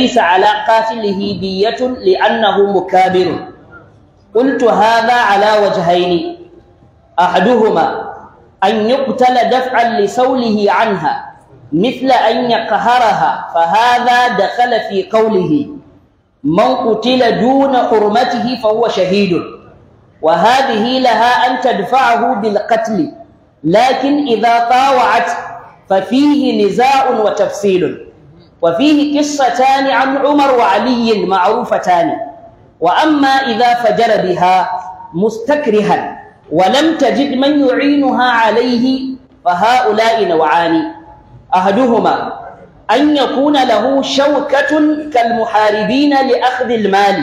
laysa ala qatilihi diyatun li'annahu mukabirun qultu haza ala wajhayn Ahduhuma, an yuqtala daf'an li sawlihi anha مثل أن يقهرها فهذا دخل في قوله من قتل دون حرمته فهو شهيد وهذه لها أن تدفعه بالقتل لكن إذا طاوعت ففيه نزاع وتفصيل وفيه قصتان عن عمر وعلي معروفتان وأما إذا فجر بها مستكرها ولم تجد من يعينها عليه فهؤلاء نوعان أحدهما أن يكون له شوكة كالمحاربين لأخذ المال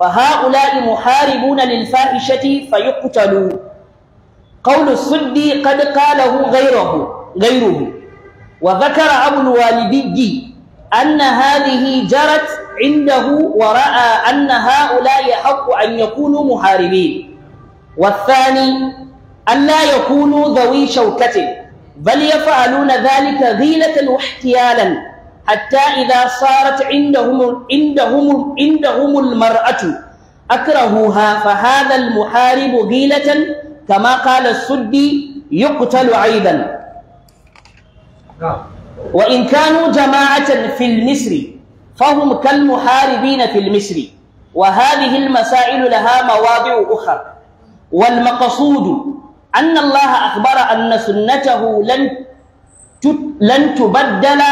فهؤلاء محاربون للفاحشة فيقتلوا قول السدي قد قاله غيره غيره وذكر أبو الوالدي أن هذه جرت عنده ورأى أن هؤلاء يحق أن يكونوا محاربين والثاني أن لا يكونوا ذوي شوكة بل يفعلون ذلك غيلة واحتيالا حتى إذا صارت عندهم عندهم عندهم المرأة أكرهوها فهذا المحارب غيلة كما قال السدي يقتل عيبا وإن كانوا جماعة في المصر فهم كالمحاربين في المصر وهذه المسائل لها مواضع أخرى والمقصود أن الله أخبر أن سنته لن لن تبدل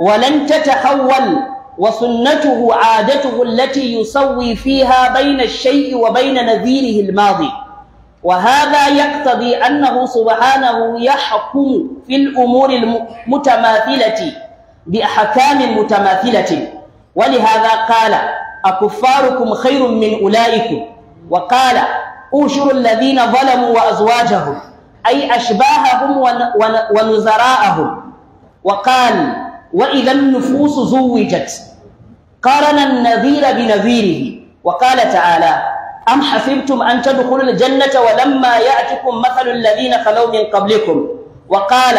ولن تتحول وسنته عادته التي يسوي فيها بين الشيء وبين نذيره الماضي وهذا يقتضي أنه سبحانه يحكم في الأمور المتماثلة بأحكام متماثلة ولهذا قال أكفاركم خير من أولئكم وقال أنشروا الذين ظلموا وأزواجهم أي أشباههم ونزراءهم وقال وإذا النفوس زوجت قارن النذير بنذيره وقال تعالى أم حسبتم أن تدخلوا الجنة ولما يأتكم مثل الذين خلوا من قبلكم وقال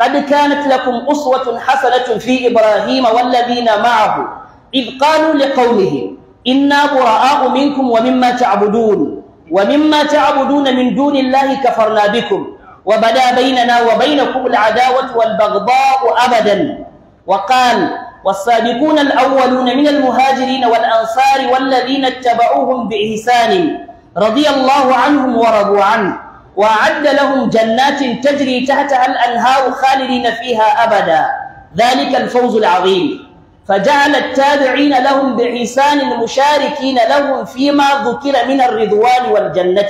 قد كانت لكم أسوة حسنة في إبراهيم والذين معه إذ قالوا لقومهم إنا براء منكم ومما تعبدون ومما تعبدون من دون الله كفرنا بكم وبدا بيننا وبينكم العداوة والبغضاء أبدا وقال والسابقون الأولون من المهاجرين والأنصار والذين اتبعوهم بإحسان رضي الله عنهم ورضوا عنه وأعد لهم جنات تجري تحتها الأنهار خالدين فيها أبدا ذلك الفوز العظيم فجعل التابعين لهم بإحسان المشاركين لهم فيما ذكر من الرضوان والجنة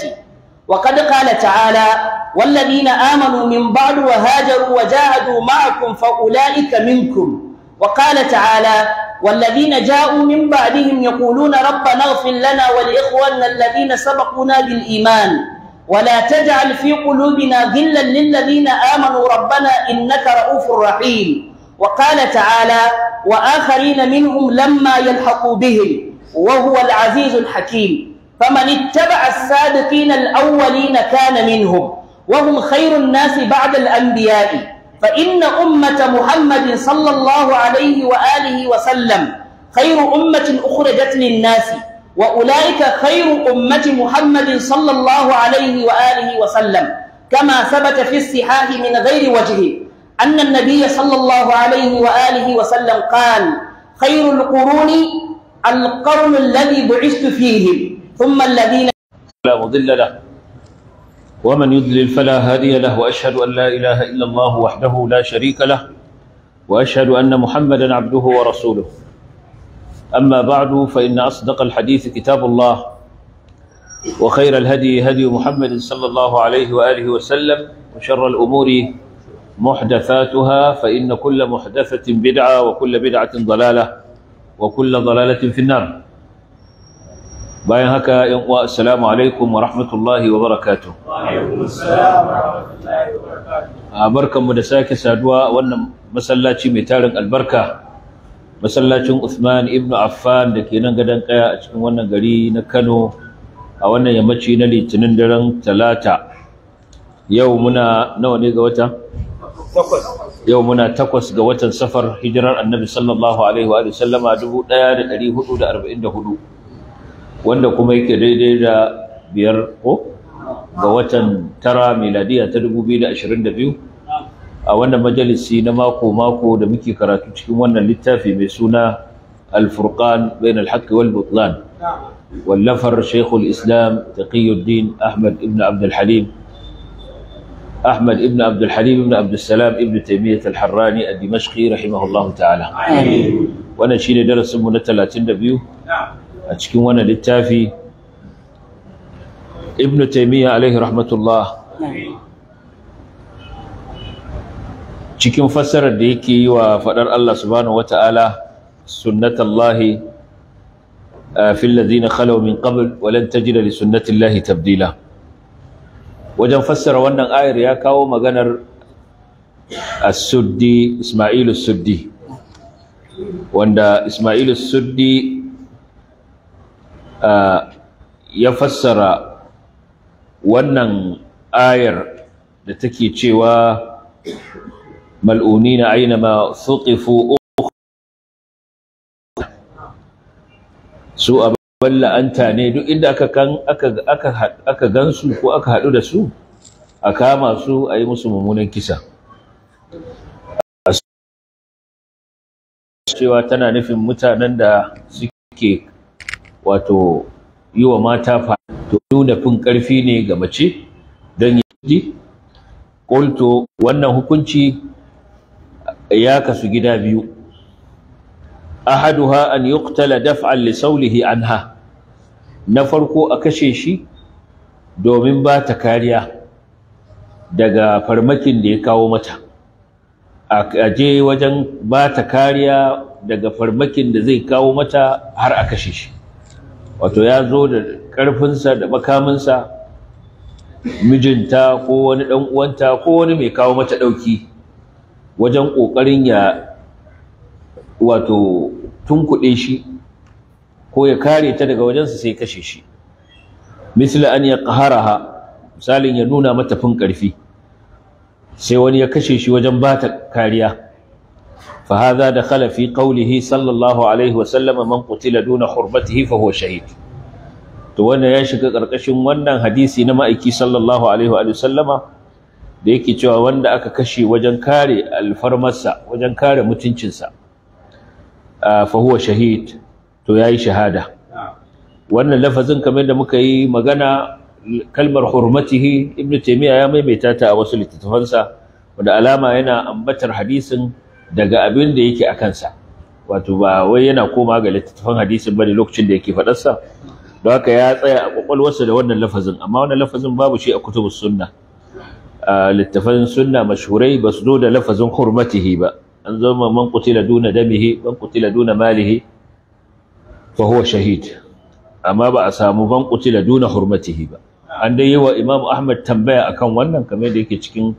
وقد قال تعالى والذين آمنوا من بعد وهاجروا وجاهدوا معكم فأولئك منكم وقال تعالى والذين جاءوا من بعدهم يقولون ربنا اغفر لنا ولإخواننا الذين سبقونا بالإيمان ولا تجعل في قلوبنا غلا للذين آمنوا ربنا إنك رؤوف رحيم وقال تعالى وآخرين منهم لما يلحقوا بهم وهو العزيز الحكيم فمن اتبع السابقين الأولين كان منهم وهم خير الناس بعد الأنبياء فإن أمة محمد صلى الله عليه وآله وسلم خير أمة أخرجت للناس وأولئك خير أمة محمد صلى الله عليه وآله وسلم كما ثبت في الصحاح من غير وجه أن النبي صلى الله عليه وآله وسلم قال خير القرون القرن الذي بعثت فيه ثم الذين لا مضل له ومن يضلل فلا هادي له واشهد ان لا اله الا الله وحده لا شريك له واشهد ان محمدا عبده ورسوله اما بعد فان اصدق الحديث كتاب الله وخير الهدي هدي محمد صلى الله عليه واله وسلم وشر الامور محدثاتها فان كل محدثه بدعه وكل بدعه ضلاله وكل ضلاله في النار باين هكا السلام عليكم ورحمه الله وبركاته barkanmu da sake saduwa wannan masallaci mai tarin albarka masallacin Uthman ibn Affan da ke nan gadon kaya a cikin wannan gari na Kano a wannan yammaci na litinin daren talata yau muna nawa ne ga wata yau muna takwas ga watan safar hijirar annabi sallallahu alaihi wa sallama hudu, wanda kuma yake daidai da biyar ko ga watan tara miladiya ta 2022 a wannan majalisi na mako-mako da muke karatu cikin wannan littafi mai suna alfurkan bayan alhaƙi wal butlan wallafar shekul islam taqiyuddin ahmad ibn abdulhalim أحمد ابن ibnu الحليم ابن عبد السلام ابن تيمية الحراني الدمشقي رحمه الله تعالى وأنا شيني درس من 32 ibn taimiyya alaihi rahmatullah cikin fassarar da yake yi wa faɗar Allah subhanahu ta'ala sunnatallahi eh, fil ladina khalaw min qabl wa tajida li sunnatillahi tabdila wajen fassara wannan ayar ya kawo maganar as-suddi Isma'il suddi wanda Isma'il suddi eh, ya fassara wannan ayar da take cewa mal'unina ainama thuqifu su abin la'anta ne duk inda aka gansu ko aka haɗu da su a kama su a yi musu mummunan kisa cewa tana nufin mutanen da suke wato yi wa mata fa to nuna fin ƙarfi ne ga mace don yi ƙulto wannan hukunci ya kasu gida biyu ahaduha an yuqtala daf'an li saulihi anha na farko a kashe shi domin ba ta kariya daga farmakin da ya kawo mata a je wajen ba ta kariya daga farmakin da zai kawo mata har a kashe shi wato ya zo da ƙarfinsa da makaminsa mijinta ko wani ɗan uwanta ko wani mai kawo mata ɗauki wajen ƙoƙarin ya wato tunkuɗe shi ko ya kare ta daga wajensa sai kashe shi misla an ya ƙaharaha misalin ya nuna mata fin ƙarfi sai wani ya kashe shi wajen ba ta kariya فهذا Khalafi, في قوله صلى الله عليه وسلم من قتل to wannan ya shiga ƙarƙashin wannan hadisi na ma'aiki sallallahu alaihi wa sallama da yake cewa wanda aka kashe wajen kare alfarmarsa wajen kare mutuncinsa a huwa shahid to yayi shahada wannan lafazin kamar da muka yi magana kalmar hurmatihi Ibn taymiya ya maimaita ta a wasu littattafansa wanda alama yana ambatar hadisin daga abin da yake a kansa wato ba wai yana koma ga littattafan hadisin bane lokacin da yake faɗarsa don haka ya tsaya a kwakwalwarsa da wannan lafazin amma wannan lafazin babu shi a kutubus sunna littafan sunna mashhurai ba su zo da lafazin hurmatihi ba an zama man qutila duna damihi man qutila duna malihi fa huwa shahid amma ba a samu man qutila duna hurmatihi ba an dai yawa imamu ahmad tambaya akan wannan kamar da yake cikin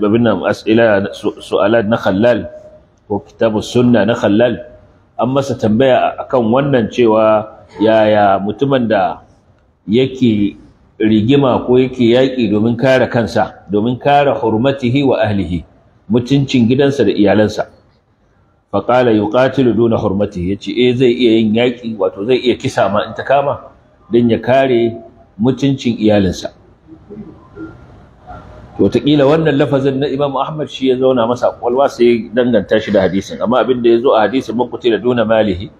babin nan as'ila su'alat na khallal ko kitabus sunna na khallal an masa tambaya akan wannan cewa yaya mutumin da yake rigima ko yake yaƙi domin kare kansa domin kare hurmatihi wa ahlihi mutuncin gidansa da iyalansa faƙala yuqatilu duna hurmatihi yace eh zai iya yin yaƙi wato zai iya kisa ma in ta kama don ya kare mutuncin iyalinsa wataƙila wannan lafazin na imam ahmad shi ya zauna masa kwalwa sai danganta shi da hadisin amma abin da ya zo a hadisin mun da duna malihi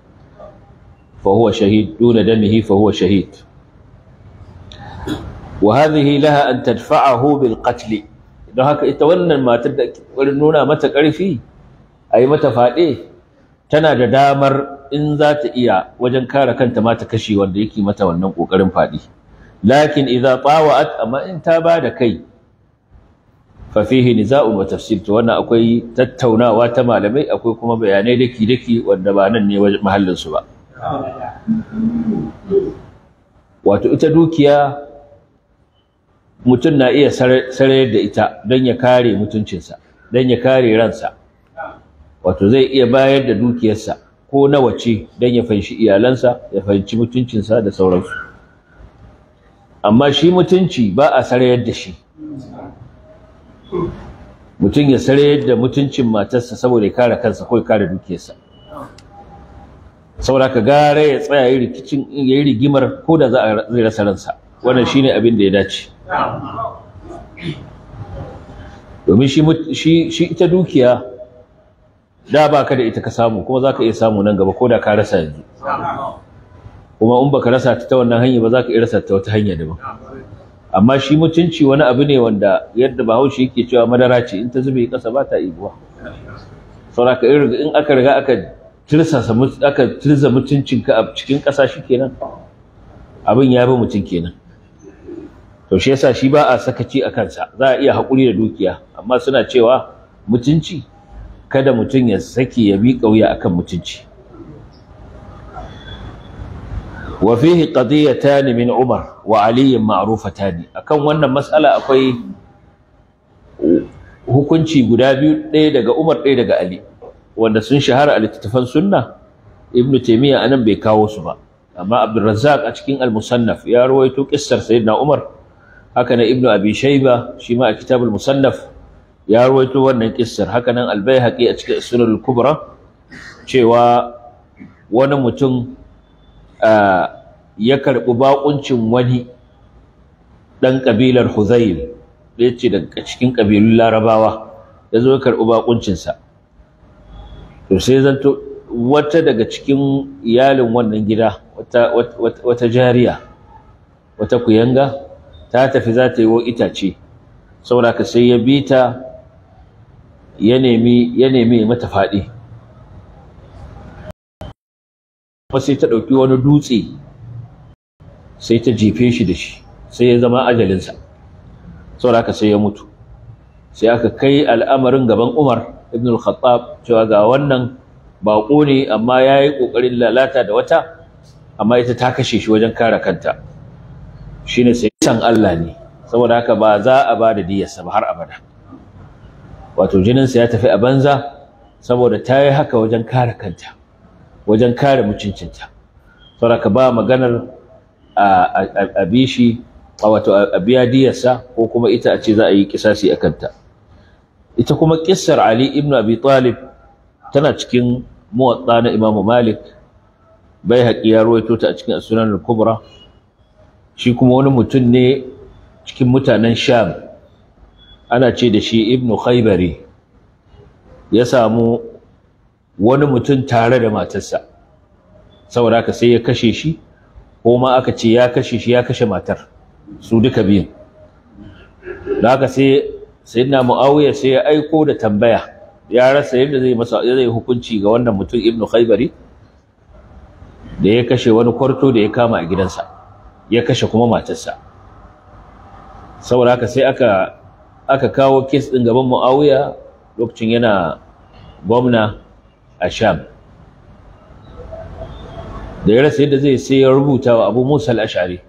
فهو شهيد دون دمه فهو شهيد وهذه لها أن تدفعه بالقتل don haka ita wannan matar da ƙoƙarin nuna mata ƙarfi a yi mata faɗe tana da damar in za ta iya wajen kare kanta mata ta kashe wanda yake mata wannan ƙoƙarin faɗi lakin idza tawa'at amma in ta ba da kai fa fihi niza'un wa tafsir to wannan akwai tattaunawa ta malamai akwai kuma bayanai daki daki wanda ba nan ne mahallin su ba wato ita dukiya mutum na iya sarayar da ita don ya kare mutuncinsa don ya kare ransa wato zai iya bayar da dukiyarsa ko nawa ce don ya fanshi iyalansa ya fanshi mutuncinsa da sauransu amma shi mutunci ba a sarayar da shi mutum ya sarayar da mutuncin matarsa saboda ya kare kansa ko ya kare dukiyarsa saboda ka gare ya tsaya yi rikicin ya yi rigimar ko da za a zai rasa ransa wannan shine abin da ya dace domin shi shi ita dukiya da baka da ita ka samu kuma zaka iya samu nan gaba ko da ka rasa yanzu kuma in baka rasa ta wannan hanya ba za iya rasa ta wata hanya daban amma shi mutunci wani abu ne wanda yadda bahaushe yake cewa madara ce in ta zube ƙasa ba ta ibuwa saboda ka in aka riga aka tirsasa aka tirza ka a cikin ƙasa shi kenan abin ya bi mutum kenan to shi yasa shi ba a sakaci a kansa za a iya haƙuri da dukiya amma suna cewa mutunci kada mutum ya sake ya bi ƙauya akan mutunci wa fihi qadiyatan min Umar wa Ali ma'rufatan akan wannan mas'ala akwai hukunci guda biyu ɗaya daga Umar ɗaya daga Ali wanda sun shahara a littattafan sunna ibn taymiya anan bai kawo su ba amma abdurrazzaq a cikin al-musannaf ya rawaito kissar sayyidina umar haka na ibn abi shayba shi ma a kitabul musannaf ya rawaito wannan kissar haka nan al-baihaqi a cikin sunan al-kubra cewa wani mutum ya karɓi baƙuncin wani ɗan ƙabilar Huzayl ya ce daga cikin ƙabilun Larabawa ya zo ya karɓi bakuncinsa. to sai zanto wata daga cikin iyalin wannan gida wata, wata, jariya wata kuyanga ta tafi za ta yi wa itace saboda ka sai ya bi ta ya nemi ya nemi mata faɗi kuma sai ta ɗauki wani dutse sai ta jefe shi da shi sai ya zama ajalinsa saboda ka sai ya mutu sai aka kai al'amarin gaban umar ibn al-khattab cewa ga wannan baƙo ne amma ya yi ƙoƙarin lalata da wata amma ita ta kashe shi wajen kare kanta shi ne sai san Allah ne saboda haka ba za a ba da diyarsa ba har abada wato jininsa ya tafi a banza saboda ta yi haka wajen kare kanta wajen kare mutuncinta saboda ka ba maganar a bishi wato a biya diyarsa ko kuma ita a ce za a yi kisasi a kanta ita kuma kissar Ali ibn Abi Talib tana cikin muwatta na Imam Malik bai haƙi ya ruwaito ta a cikin Sunan al-Kubra shi kuma wani mutum ne cikin mutanen Sham ana ce da shi Ibn Khaybari ya samu wani mutum tare da matarsa saboda haka sai ya kashe shi ko ma aka ce ya kashe shi ya kashe matar su duka biyun da haka sai sayyidina muawiya sai ya aiko da tambaya ya rasa yadda zai masa zai hukunci ga wannan mutum ibnu khaybari da ya kashe wani kwarto da ya kama a gidansa ya kashe kuma matarsa saboda haka sai aka aka kawo kes din gaban muawiya lokacin yana gwamna a sham da ya rasa yadda zai sai ya rubuta wa abu musa al-ash'ari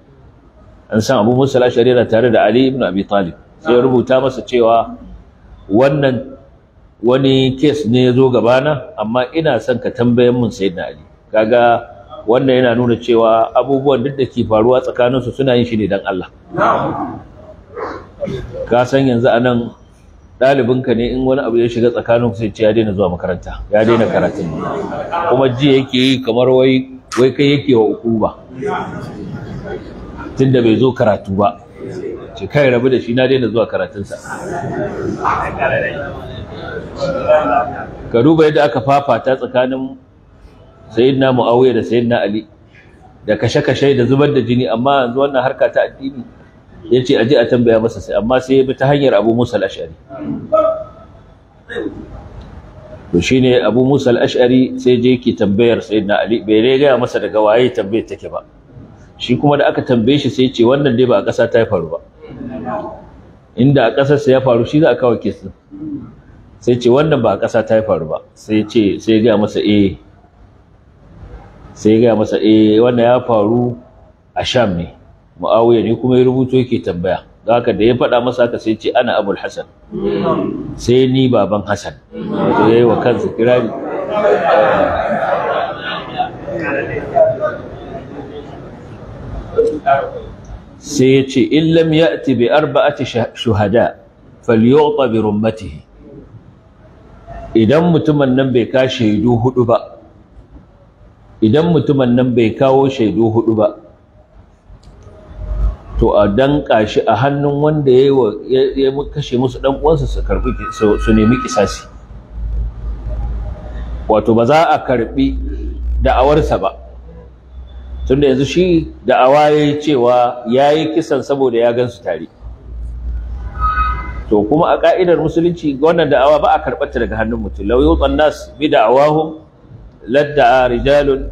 an san abu musa al-ash'ari yana tare da ali ibn abi talib sai ya rubuta masa cewa wannan wani kes ne ya zo gabana amma ina son ka tambayan mun da ali kaga wannan yana nuna cewa abubuwan duk da ke faruwa tsakaninsu suna yin shi ne dan Allah ka san yanzu anan ɗalibinka ne in wani abu ya shiga tsakanin sai ce ya daina zuwa makaranta ya daina karatun kuma ji yake yi kamar wai wai kai yake wa uku ba tunda bai zo karatu ba ce kai rabu da shi na daina zuwa karatunsa ka duba yadda aka fafata tsakanin sayyidina muawiya da sayyidina ali da kashe-kashe da zubar da jini amma yanzu wannan harka ta addini ya ce aje a tambaya masa sai amma sai ya bi ta hanyar abu musa al-ash'ari to shine abu musa al-ash'ari sai je yake tambayar sayyidina ali bai dai gaya masa daga waye tambayar take ba shi kuma da aka tambaye shi sai ya ce wannan dai ba a ƙasa ta faru ba inda a ƙasarsa ya faru shi za a kawo kesu sai ce wannan ba a ƙasa ta ya faru ba sai ce sai ya gaya masa eh sai ya gaya masa eh wannan ya faru a sham ne ma'awuyar ne kuma ya rubuto yake tambaya Za ka da ya faɗa masa haka sai ce ana abul hassan sai ni baban Hassan. wato ya yi wa kansa kirari sai ya ce in lam ya'ti bi arba'ati shuhada falyota bi rummatihi idan mutumin nan bai ka shaidu hudu ba idan mutumin nan bai kawo shaidu hudu ba to a danka shi a hannun wanda ya kashe musu dan uwansa su karbi su nemi kisasi wato ba za a karbi da'awarsa ba tunda yanzu shi da awaye cewa ya yi kisan saboda ya gansu tare to kuma a ka'idar musulunci wannan da'awa ba a karɓarta daga hannun mutum law yau tsannas bi da'awahum ladda rijalun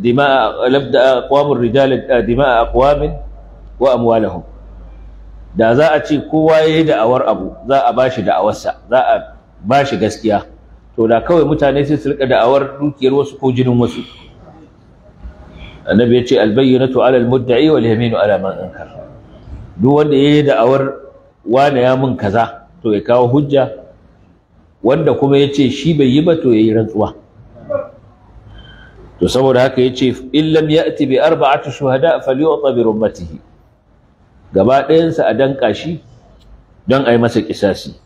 dima'a labda'a aqwamun rijal eh, dima'a aqwamin wa amwalahum da za a ce kowa ya yi da'awar abu za a ba shi da'awarsa za a ba shi gaskiya to da kawai mutane sai su rika da'awar dukiyar wasu ko jinin wasu annabi ya ce albayyinatu ala almudda'i wal yaminu ala man ankar duk wanda yayi da'awar wane ya mun kaza to ya kawo hujja wanda kuma ya ce shi bai yi ba to yayi rantsuwa to saboda haka ya ce in lam ya'ti bi arba'ati shuhada falyu'ta bi rummatihi gaba ɗayansa a danka shi don a yi masa kisasi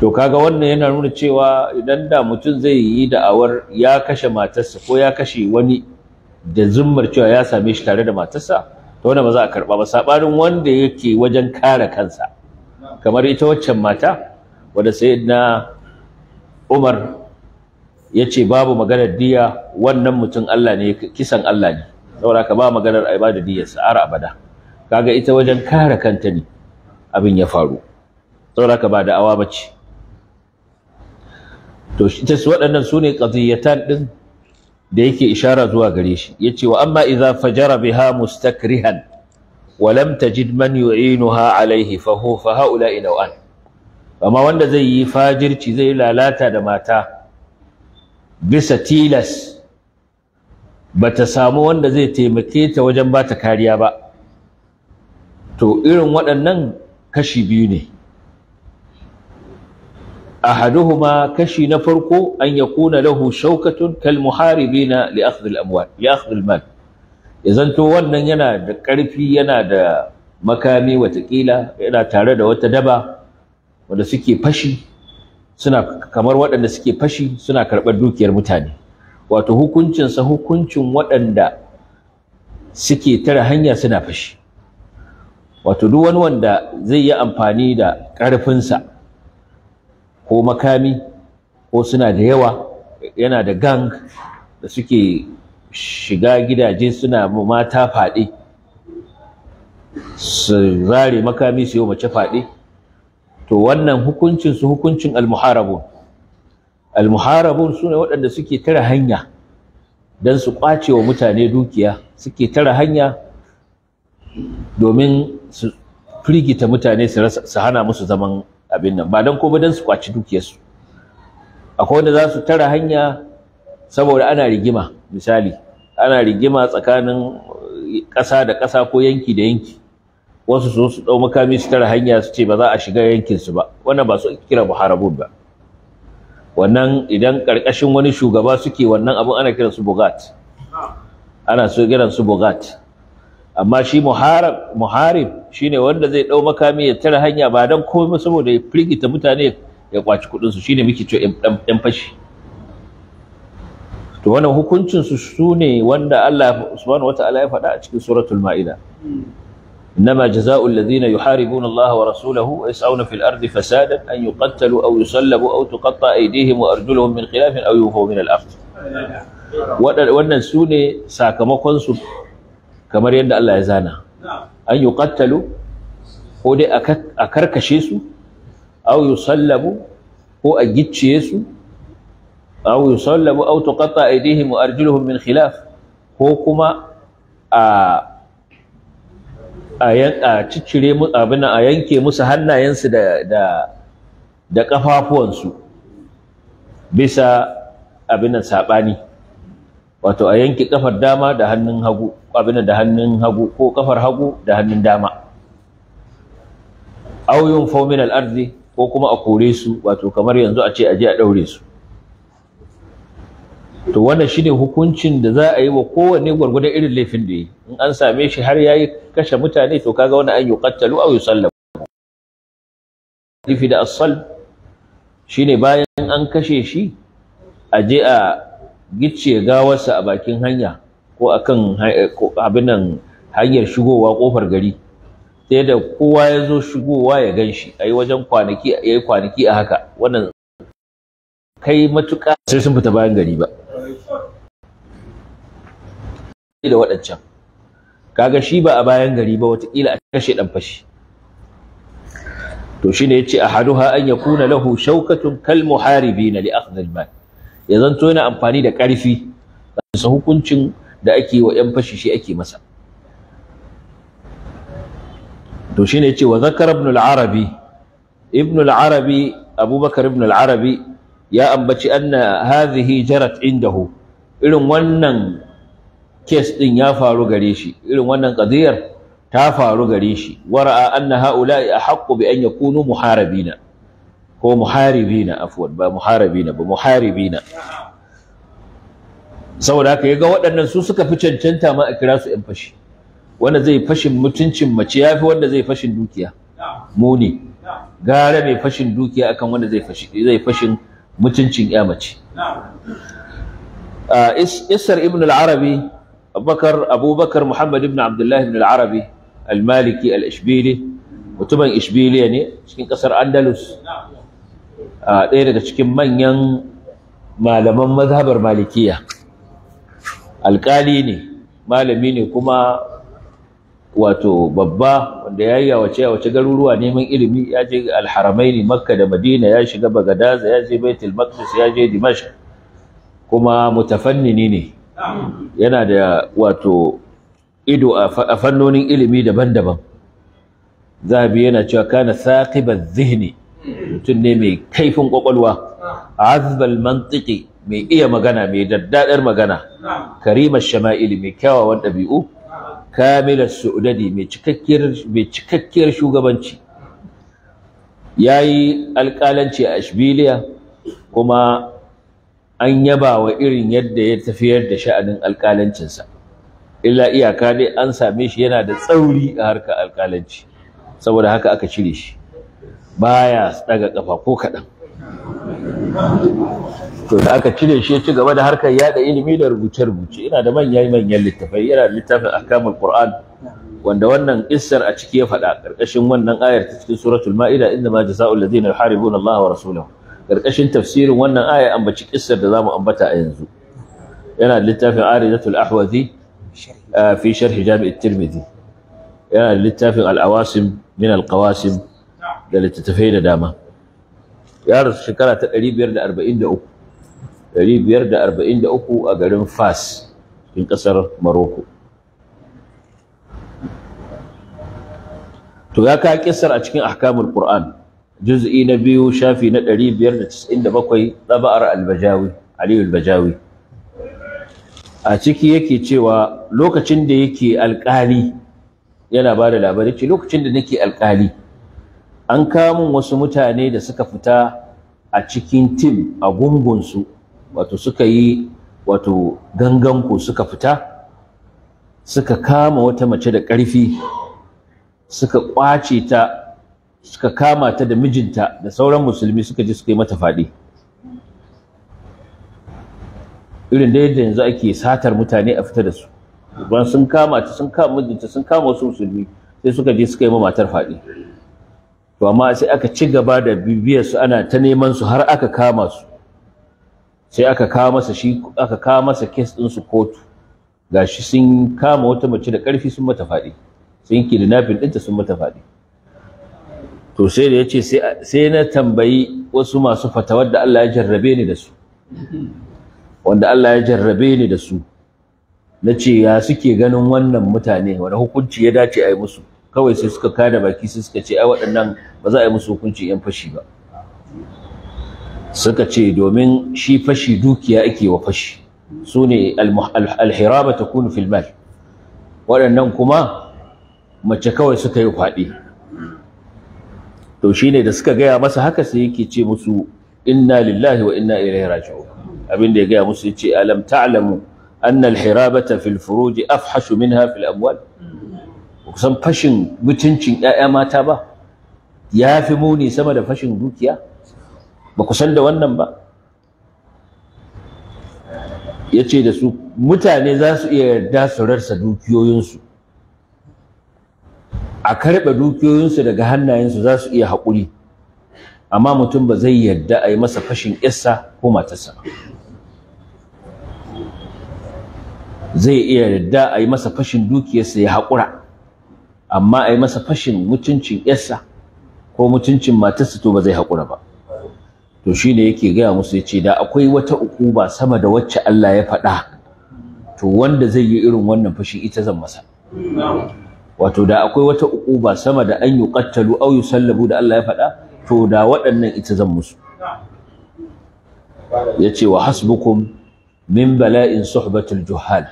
to kaga wannan yana nuna cewa idan da mutum zai yi da'awar ya kashe matarsa ko ya kashe wani da zummar cewa ya same shi tare da matarsa to wanda ba za a karba ba sabanin wanda yake wajen kare kansa kamar ita waccan mata wanda na Umar ya ce babu maganar diya wannan mutum Allah ne kisan Allah ne saboda ka ba maganar da diyarsa har abada kaga ita wajen kare kanta ne abin ya faru saboda ka ba da awa bace to ita su waɗannan sune ne ɗin din da yake ishara zuwa gare shi yace wa amma fa fajara biha mustakrihan wa lam tajid man yu'inuha alayhi fa hu fa haula ilawan amma wanda zai yi fajirci zai lalata da mata bisa tilas bata samu wanda zai taimake ta wajen bata kariya ba to irin waɗannan kashi biyu ne ahaduhuma kashi na farko an yakuna lahu shaukatun kal na li akhdh amwal li mal ya zanto wannan yana da ƙarfi yana da makami watakila yana tare da wata daba wanda suke fashi suna kamar waɗanda suke fashi suna karɓar dukiyar mutane wato hukuncinsa hukuncin waɗanda suke tara hanya suna fashi wato duk wani wanda zai yi amfani da ƙarfinsa ko makami ko suna da yawa yana da gang da suke shiga gidaje suna mata faɗi su zare makami su yi mace faɗi to wannan hukuncin su hukuncin almuharabun almuharabun su ne waɗanda suke tara hanya don su kwace wa mutane dukiya suke tara hanya domin su firgita mutane su hana musu zaman abin nan ba dan ko ba dan su kwaci dukiyarsu akwai wanda za su tara hanya saboda ana rigima misali ana rigima tsakanin eh, ƙasa da ƙasa ko yanki da yanki wasu su su ɗau makami su tara hanya su ce ba za a shiga yankinsu ba wannan ba su kira muharabun ba wannan idan ƙarƙashin wani shugaba suke wannan abin ana kiransu Bogat, ana so kiransu Bogat. amma shi muharib muharib shine wanda zai dau makami ya tare hanya ba dan komai saboda ya firgita mutane ya kwaci kudin su shine muke cewa dan fashi to wannan hukuncin su sune wanda Allah subhanahu wataala ya faɗa a cikin suratul maida إنما جزاء الذين يحاربون الله ورسوله ويسعون في الأرض فسادا أن يقتلوا أو يصلبوا أو تقطع أيديهم وأرجلهم من خلاف أو ينفوا من الأرض wannan su ne sakamakonsu kamar yadda Allah ya zana an yuqattalu ko dai a karkashe su aw yusallabu ko a gicciye su aw yusallabu aw tuqatta a wa arjuluhum min khilaf ko kuma a ciccire abin a yanke musu hannayensu da ƙafafuwansu bisa abin nan saɓani. wato a yanki kafar dama da hannun hagu abin da hannun hagu ko kafar hagu da hannun dama aw yunfaw min ko kuma a kore su wato kamar yanzu a ce a je a daure su to wannan shine hukuncin da za a yi wa kowanne gwargwadon irin laifin da yi in an same shi har yayi kashe mutane to kaga wannan an yuqattalu aw yusallamu lifi da asal shi shine bayan an kashe shi aje a gicce gawarsa a bakin hanya ko akan eh, abin nan hanyar shigowa kofar gari sai da kowa ya zo shigowa ya ganshi. shi a yi wajen kwanaki a kwanaki a haka wannan kai matuƙa sai sun fita bayan gari ba da waɗancan kaga shi ba a bayan gari ba watakila a kashe ɗan fashi to shine yace ahaduha an ya kuna lahu shaukatun kal muharibina li akhdhi ya zanto yana amfani da ƙarfi bisa hukuncin da ake wa 'yan fashi shi ake masa to shine yace wa zakar ibn al-arabi ibn al-arabi abubakar ibn al-arabi ya ambaci anna hadhihi jarat indahu irin wannan kes din ya faru gare shi irin wannan qadiyar ta faru gare shi wara'a anna haula'i ahqqu bi an yakunu muharibina ko muharibina afwan ba muharibina ba muharibina saboda haka yaga waɗannan su suka fi cancanta ma a kira su ƴan fashi wanda zai fashin mutuncin mace ya fi wanda zai fashin dukiya muni gara mai fashin dukiya akan wanda zai fashi zai fashin mutuncin ƴa mace ah, Isar ibn al-Arabi Abubakar Abubakar Muhammad ibn Abdullahi ibn al-Arabi al-Maliki al-Ishbili mutumin Ishbiliya ne cikin ƙasar Andalus ɗaya daga cikin manyan malaman mazhabar malikiya alƙali ne malami ne kuma wato babba wanda ya yi yawace yawace garuruwa neman ilimi ya je alharamaini makka da madina ya shiga bagadaza ya je baitul maqdis ya je Dimash. kuma mutafannini ne yana da wato ido a fannonin ilimi daban-daban zahabi yana cewa kana saqiban zihni mutum ne mai kaifin kwakwalwa azbal mantiki mai iya magana mai daddadar magana karima shama'ili mai kyawawan ɗabi'u kamilar su'udadi mai cikakkiyar shugabanci ya yi alƙalanci a ashbiliya kuma an yaba wa irin yadda ya tafiyar da sha'anin alƙalancinsa illa iyaka dai an same shi yana da tsauri a harkar alƙalanci saboda haka aka cire shi baya daga kafa ko kaɗan to da aka cire shi ya ci gaba da harkar yada ilimi da rubuce-rubuce Ina da manyan manyan littafai yana da littafin akamul qur'an wanda wannan issar a ciki ya faɗa ƙarƙashin wannan ayar ta cikin suratul ma'ida inna ma jazaa'u alladhina yuharibuna Allah wa rasulahu ƙarƙashin tafsirin wannan aya ambaci kissar da zamu ambata a yanzu yana da littafin aridatul ahwazi eh, fi sharh jami'at tirmidhi yana da littafin al-awasim min al-qawasim da littattafai da dama ya rasu shekara ta 543 543 a garin Fas cikin kasar Morocco to ya ka kissar a cikin ahkamul Qur'an juz'i na biyu shafi na 597 taba'ar al-Bajawi Ali al-Bajawi a ciki yake cewa lokacin da yake alƙali yana ba da labari ce lokacin da nake alƙali an kamun wasu mutane da suka fita a cikin tim a gungunsu wato suka yi wato ganganku suka fita suka kama wata mace da ƙarfi suka ƙwace ta suka kama ta da mijinta da sauran musulmi suka ji suka yi mata faɗi irin da yadda yanzu ake satar mutane a fita da su ban sun kama ta sun kama mijinta sun kama wasu musulmi sai suka je suka yi ma matar faɗi to amma sai aka ci gaba da bibiyar su ana ta neman su har aka kama su sai aka kawo masa shi aka kawo masa case din su kotu gashi sun kama wata mace da karfi sun mata fadi sun kidnapping ɗinta sun mata fadi to sai da yace sai sai na tambayi wasu masu fatawar da Allah ya jarrabe ni da su wanda Allah ya jarrabe ni da su nace ya suke ganin wannan mutane wani hukunci ya dace a yi musu kawai sai suka kada baki sai suka ce ai waɗannan ba za a yi musu hukuncin yan fashi ba suka ce domin shi fashi dukiya ake wa fashi su ne alhiraba ta kunu filmal waɗannan kuma mace kawai suka yi kwaɗi to shi ne da suka gaya masa haka sai yake ce musu inna lillahi wa inna ilaihi raji'un abin da ya gaya musu ya ce alam ta'lamu anna alhirabata fil furuji afhashu minha fil amwal kusan san fashin mutuncin 'ya'ya mata ba ya fi muni sama da fashin dukiya ba ku san da wannan ba ya ce da su mutane za su iya yarda su rarsa dukiyoyinsu a karɓe dukiyoyinsu daga hannayensu za su iya haƙuri amma mutum ba zai yarda a yi masa fashin issa ko matarsa zai iya yarda a yi masa fashin dukiyarsa ya haƙura amma ai masa fashin mutuncin yarsa ko mutuncin matarsa to ba zai hakura ba to shine ne yake gaya musu yace ce da akwai wata ukuba sama da wacce Allah ya faɗa to wanda zai yi irin wannan fashi ita zan masa wato da akwai wata ukuba sama da an yuqattalu aw yusallabu da Allah ya faɗa to da waɗannan ita zan musu yace wa hasbukum min bala'in suhbatul juhal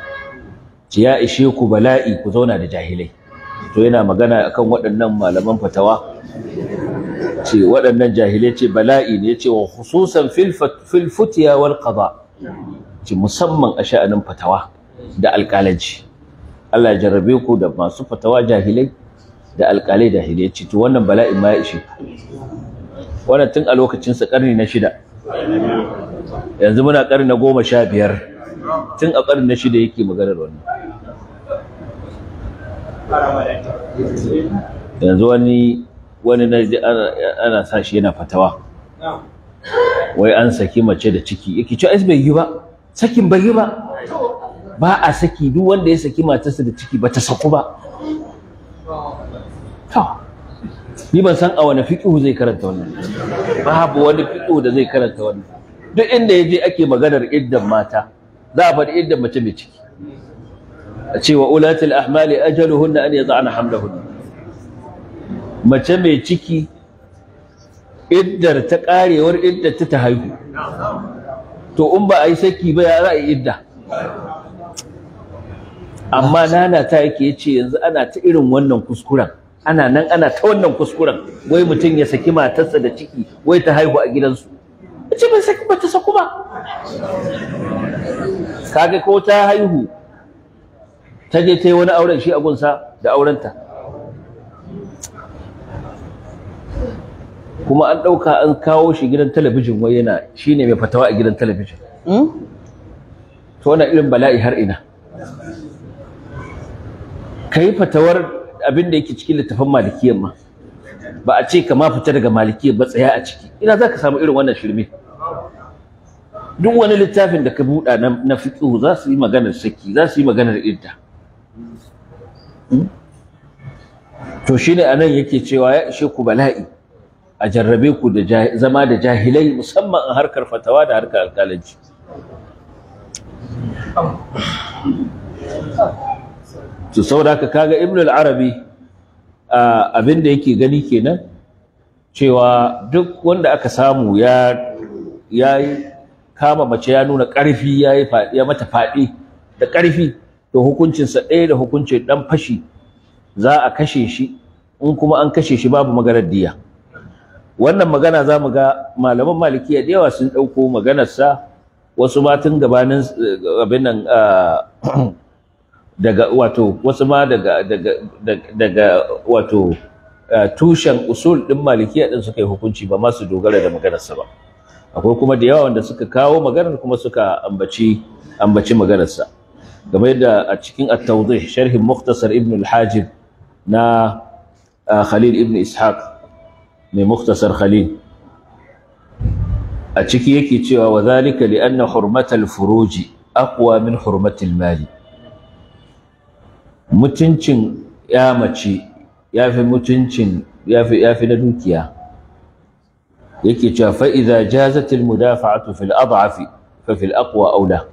ya ishe ku bala'i ku zauna da jahilai to yana magana akan waɗannan malaman fatawa ce waɗannan jahilai ce bala'i ne ce wa hususan fil futiya wal qada ce musamman a sha'anin fatawa da alƙalanci Allah ya jarrabe ku da masu fatawa jahilai da alƙalai jahilai ce to wannan bala'i ma ya ishe wannan tun a lokacin sa karni na shida yanzu muna karni na goma sha biyar tun a karni na shida yake maganar wannan yanzu wani wani na ana sa shi yana fatawa wai an saki mace da ciki yake cewa ai bai yi ba sakin bai yi ba ba a saki duk wanda ya saki matarsa da ciki ba ta saku ba ni ban san a wani fiqh zai karanta wannan babu wani fiqh da zai karanta wannan duk inda yaje ake maganar iddan mata za a faɗi iddan mace mai ciki a cewa ulatul ahmali ajaluhunna an yad'ana hamlahunna mace mai ciki iddar ta karewar iddar ta ta haihu to in ba a yi saki ba ya za yi idda amma nana ta yake yace yanzu ana ta irin wannan kuskuren ana nan ana ta wannan kuskuren wai mutum ya saki matarsa da ciki wai ta haihu a gidansu ce bai saki ba ta saku ba kaga ko ta haihu ta je ta yi wani auren shi a gunsa da aurenta kuma an ɗauka an kawo shi gidan talabijin wai yana shi ne mai fatawa a gidan talabijin hmm? to wannan irin bala'i har ina ka yi fatawar abin da yake cikin littafin malikiyan ma ba a ce ka ma fita daga malikiyan ba tsaya a ciki ina za ka samu irin wannan shirme duk wani littafin da ka buɗa na fiƙihu za su yi maganar saki za su yi maganar idda Hmm? to shine anan yake cewa ya ishe ku bala'i a jarrabe ku da zama da jahilai musamman a harkar fatawa da harkar alkalanci to saboda ka kaga ibn al-arabi abin yake gani kenan cewa duk wanda aka samu ya ya kama mace ya nuna ƙarfi ya mata faɗi da ƙarfi to hukuncinsa ɗaya da hukuncin ɗan fashi za a kashe shi in kuma an kashe shi babu maganar diya wannan magana za mu ga malaman malikiya da yawa sun ɗauko maganarsa wasu ma tun gabanin eh, abin nan ah, daga wato wasu ma daga daga wato eh, tushen usul ɗin malikiya ɗin suka yi hukunci ba ma su dogara da maganarsa ba akwai kuma da yawa wanda suka kawo maganar kuma suka ambaci ambaci maganarsa game da a cikin at-tawdih sharhin mukhtasar ibn al-hajib na khalil ibn ishaq mai mukhtasar khalil a ciki yake cewa wa zalika li anna hurmatal furuji aqwa min hurmatil mali mutuncin ya mace yafi mutuncin yafi yafi na dukiya yake cewa fa idza jazatil mudafa'atu fil ad'afi fa fil aqwa aula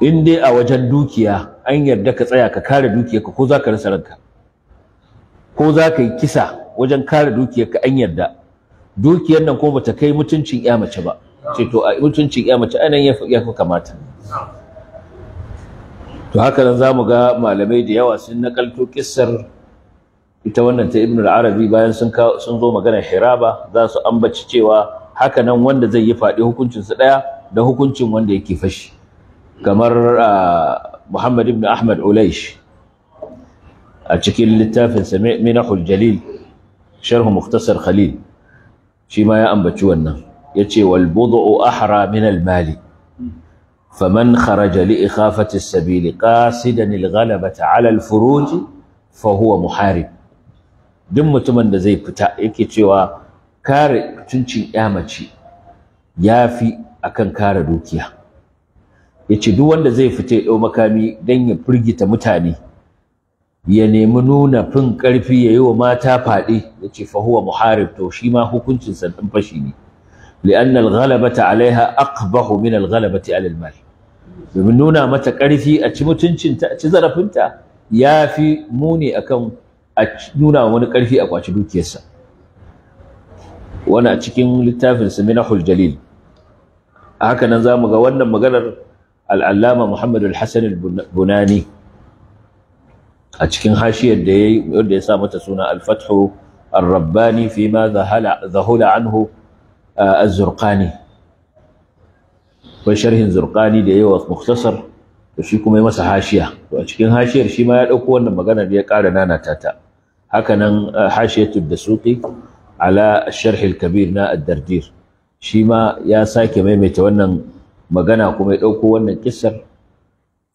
in dai a wajen dukiya an yarda ka tsaya ka kare dukiyarka ko za ka rasa ranka ko za ka yi kisa wajen kare dukiyarka an yarda dukiyar nan ko bata kai mutuncin ya mace ba ce to a mutuncin ya mace anan ya fi kamata to haka nan za mu ga malamai da yawa sun nakalto kissar ita wannan ta Ibnu al-arabi bayan sun sun zo magana hiraba za su ambaci cewa haka nan wanda zai yi faɗi hukuncinsa ɗaya da hukuncin wanda yake fashi kamar ah, Muhammad ibn Ahmad Ulaish a cikin littafinsa Minahul Jalil sharh Mukhtasar Khalil shi ma ya ambaci wannan yace wal bud'u ahra min al mali faman kharaja li ikhafati as-sabil qasidan al ghalabata ala al furuj fa huwa muharib duk mutumin da zai fita yake cewa kare mutuncin ya mace ya fi akan kare dukiya ya ce duk wanda zai fita ya ɗau makami don ya firgita mutane ya nemi nuna fin ƙarfi ya yi wa mata faɗi ya ce fahuwa muharib to shi ma hukuncinsa ɗan fashi ne li'anna al-ghalabata alaiha aqbahu min al-ghalabati ala al-mal domin nuna mata ƙarfi a ci zarafinta ya fi muni akan a nuna wani ƙarfi a kwaci dukiyarsa wani a cikin littafin minahul jalil a haka nan za mu ga wannan maganar al'allama Muhammad al-Hassan al-Bunani a cikin hashiyar da ya wanda ya sa mata suna al-Fathu ar-Rabbani fi ma zahula anhu az-Zurqani sharhin Zurqani da yawa muktasar to shi kuma ya masa hashiya to a cikin hashiyar shi ma ya ɗauko wannan magana da ya ƙara nanata ta haka nan hashiyatu suƙi ala sharhil kabir na addardir dardir shi ma ya sake maimaita wannan magana kuma ya ɗauko wannan kisar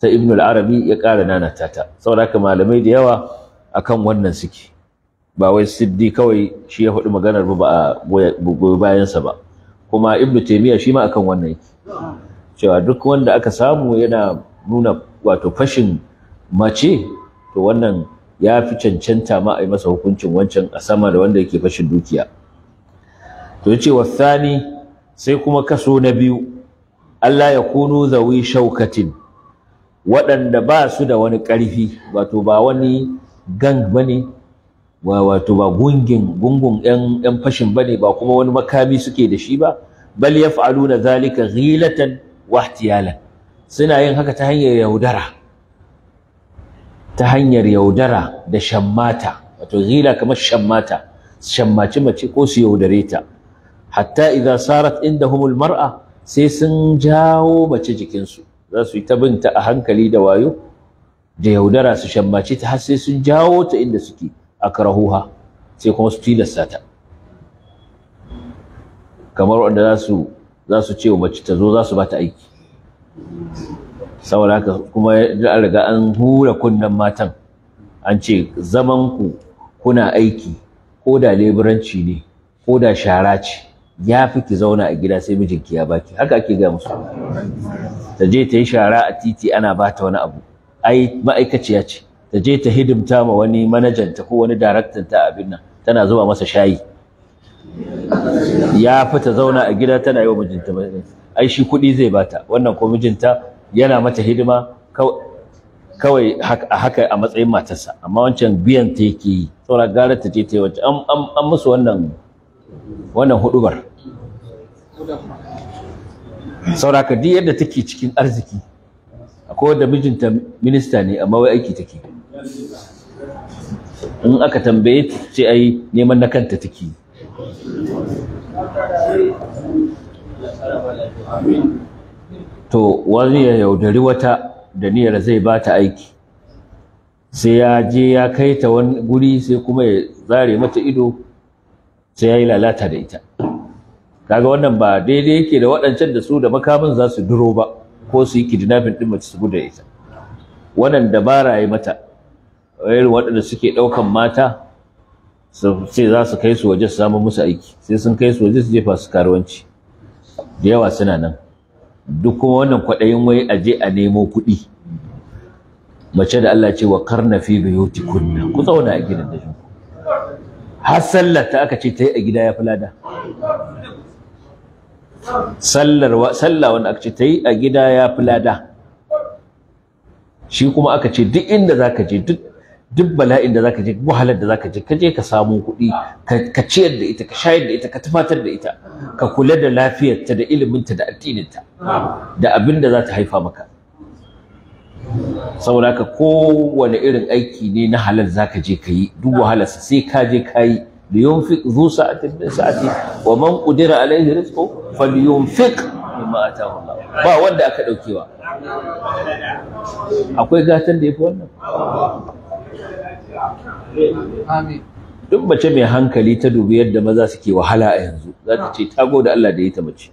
ta ibn al-arabi ya ƙara nanata ta saboda haka malamai da yawa akan wannan suke ba wai siddi kawai shi ya faɗi maganar ba a goyi bayansa ba kuma ibn taymiya shi ma akan wannan yake cewa duk wanda aka samu yana nuna wato fashin mace to wannan ya fi cancanta ma a yi masa hukuncin wancan a sama da wanda yake fashin dukiya to yace wasani sai kuma kaso na biyu Allah ya kunu zawi shaukatin waɗanda ba su da wani ƙarfi wato ba wani gang ba ne wato ba gungin gungun ‘yan fashin bane ba kuma wani makami suke da shi ba bal ya fa'alu zalika ghilatan wahtiyalan suna yin haka ta hanyar yaudara ta hanyar yaudara da shammata wato ghila kamar shammata shammaci mace ko su yaudare ta hatta idza sarat indahumul mar'a sai sun jawo mace jikinsu za su yi ta binta a hankali da wayo da yaudara su shambace ta har sai sun jawo ta inda suke a karahuha sai kuma su tilasta ta kamar wanda za su ce wa mace ta zo za su ba ta aiki saboda haka kuma an riga an hura kunnen matan an ce zaman ku kuna aiki ko da leburanci ne ko da shara ce ya fi ki zauna a gida sai mijinki ya baki haka ake ga musu ta je ta yi shara a titi ana ba ta wani abu ai ma'aikaciya ce ta je ta hidimta ma wani manajanta ko wani daraktan ta abin nan tana zuba masa shayi ya fi ta zauna a gida tana yi wa mijinta ai shi kuɗi zai bata wannan ko mijinta yana mata hidima kawai a haka a matsayin matarsa amma wancan biyan ta yake yi saboda gara ta je ta yi wancan an musu wannan wannan hudubar sauraka duk yadda take cikin arziki akwai wadda mijinta minista ne amma wai aiki take in aka tambaye ta ce ai neman na kanta take to wani ya yaudari wata da niyyar zai ba ta aiki sai ya je ya kai ta wani guri sai kuma ya zare mata ido sai ya yi lalata da ita kaga wannan ba daidai yake da waɗancan da su da makamin za su duro ba ko su yi kidnapping din mace su gudu ita wannan dabara mata irin waɗanda suke ɗaukan mata su ce za su kai su waje su samu musu aiki sai sun kai su waje su jefa su karuwanci da yawa suna nan duk kuma wannan kwaɗayin wai a je a nemo kuɗi mace da Allah ce wa karna fi biyuti kunna ku zauna a gidan da shi har sallar ta aka ce ta yi a gida ya fi lada sallah wanda aka ce ta yi a gida ya fi lada shi kuma aka ce duk inda za ka je duk bala'in da za ka je wahalar da za ka je ka je ka samu kuɗi ka ciyar da ita ka shayar da ita ka tufatar da ita ka kula da lafiyarta da iliminta da addininta da abin da za ta haifa maka saboda ka kowane irin aiki ne na halal za ka je ka yi duk wahalarsa sai ka je ka yi لينفق ذو سعة من سعته ومن قدر عليه رزقه فلينفق مما آتاه الله ba wanda aka daukewa akwai gatan da yafi wannan amin duk mace mai hankali ta dubi yadda maza suke wahala a yanzu za ta ce ta gode Allah da ya ta mace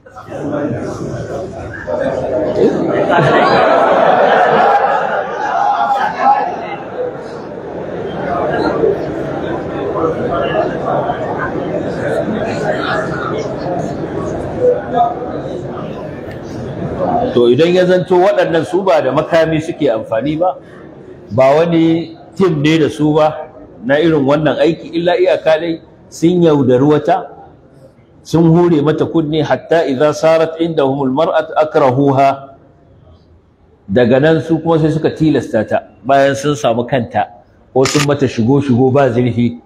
to idan ya zanto waɗannan su ba da makami suke amfani ba ba wani tim ne da su ba na irin wannan aiki illa iyaka dai sun yaudari wata sun hure mata kunne hatta idza sarat indahumul mar'at akrahuha daga nan su kuma sai suka tilasta ta bayan sun samu kanta ko sun mata shigo shigo ba zurfi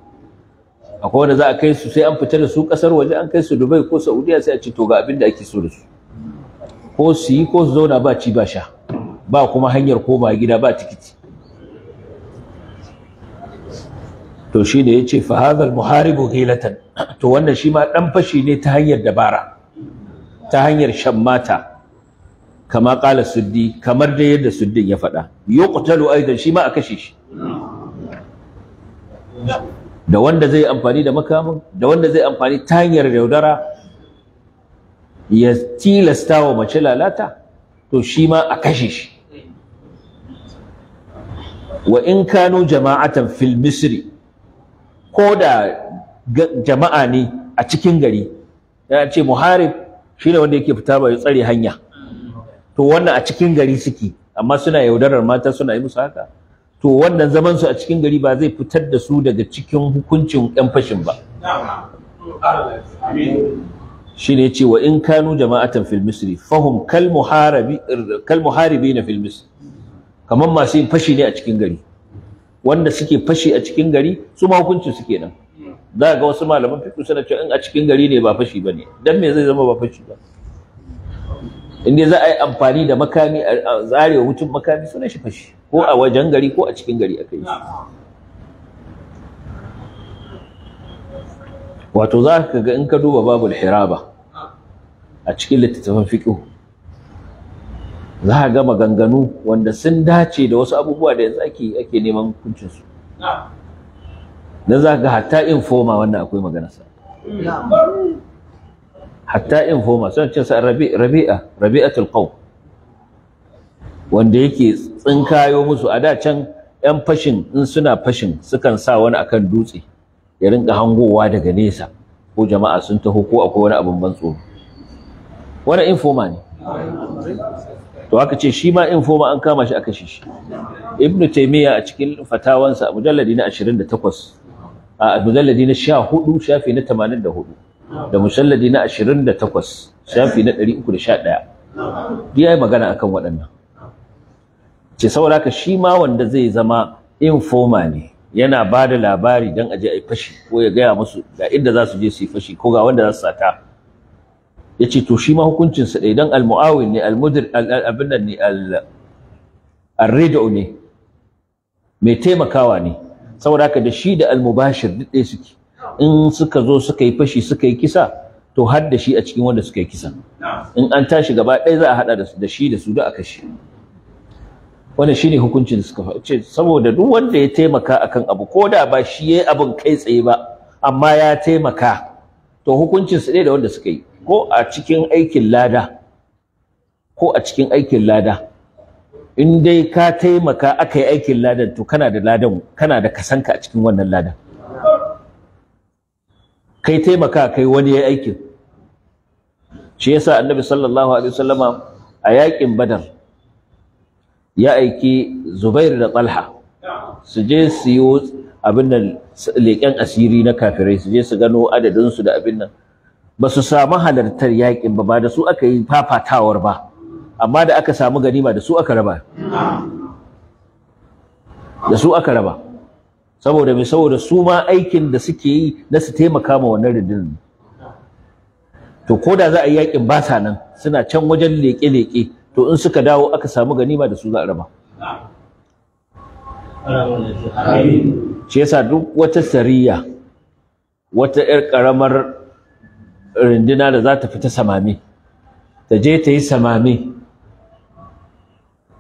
akwai wanda za a kai su sai an fita da su kasar waje an kai su Dubai ko Saudiya sai a ce to ga abin da ake so da su ko su yi ko su zauna ba ci ba sha ba kuma hanyar koma gida ba tikiti to shi ne ya ce fahazal muharibu hilatan to wannan shi ma ɗan fashi ne ta hanyar dabara ta hanyar shan mata kama ƙala suddi kamar da yadda suddin ya faɗa ƙutalo aizan shi ma a kashe shi da wanda zai amfani da makamun da wanda zai amfani ta hanyar yaudara ya tilasta wa mace lalata to shi ma a kashe shi wa in kano jama'atan fil misri ko da jama'a ne a cikin gari ya ce muharib ne wanda yake fita ya tsare hanya to wannan a cikin gari suke amma suna yaudarar mata suna yi musu haka to wannan zaman su a cikin gari ba zai fitar da su daga cikin hukuncin yan fashin ba shine yace wa in kanu jama'atan fil misri fahum kal muharibi kal muharibina fil misri kaman masu yin fashi ne a cikin gari wanda suke fashi a cikin gari su ma hukunci suke nan, za ga wasu malaman fiqh suna cewa in a cikin gari ne ba fashi bane dan me zai zama ba fashi ba in dai za a yi amfani da makami a tsare wa mutum makami sunan shi fashi ko a wajen gari ko a cikin gari aka yi wato za ka ga in ka duba babu hiraba a cikin littattafan fiqh za a ga maganganu wanda sun dace da wasu abubuwa da yanzu ake ake neman hukuncin su za ga hatta informa wannan akwai maganarsa hatta informa suna cin sa rabi'a rabi'atul qaw wanda yake tsinkayo musu a da can yan fashin in suna fashin sukan sa wani akan dutse ya rinka hangowa daga nesa ko jama'a sun taho ko akwai wani abin ban tsoro wani infoma ne to aka ce shi ma infoma an kama shi aka shi shi ibnu taymiya a cikin fatawansa a mujalladi na 28 a mujalladi na 14 shafi na 84 da mujalladi na 28 shafi na 311 ya yi magana akan waɗannan ce saboda haka shi ma wanda zai zama infoma ne yana ba da labari don aje a yi fashi ko ya gaya musu ga inda za su je su yi fashi ko ga wanda za su sata Ya ce to shi ma hukuncin sa idan al ne al-mudir abin nan ne al-ridu ne mai taimakawa ne saboda haka da shi da al duk ɗaya suke in suka zo suka yi fashi suka yi kisa to har da shi a cikin wanda suka yi kisa in an tashi gaba ɗaya za a haɗa da shi da su da aka shi wannan shine hukuncin da suka ce saboda duk wanda ya taimaka akan abu ko da ba shi yayi abin kai tsaye ba amma ya taimaka to hukuncin su ɗaya da wanda suka yi ko a cikin aikin lada ko a cikin aikin lada in dai ka taimaka aka yi aikin ladan to kana da ladan kana da kasanka a cikin wannan ladan kai taimaka kai wani ya aikin shi yasa annabi sallallahu alaihi wasallama a yakin badar ya aiki zubair da talha su je su yi abin nan leƙen asiri na kafirai su je su gano adadinsu da abin nan ba su samu halartar yakin ba ba da su aka yi fafatawar ba amma da aka samu ganima da su aka raba da su aka raba saboda mai saboda su ma aikin da suke yi na su taimaka ma wannan rundunar to ko da za a yi yakin ba sa nan suna can wajen leƙe-leƙe to in suka dawo aka samu ganima da su za a raba shi yasa duk wata sariya wata 'yar ƙaramar rindina da za ta fita samami ta je ta yi samami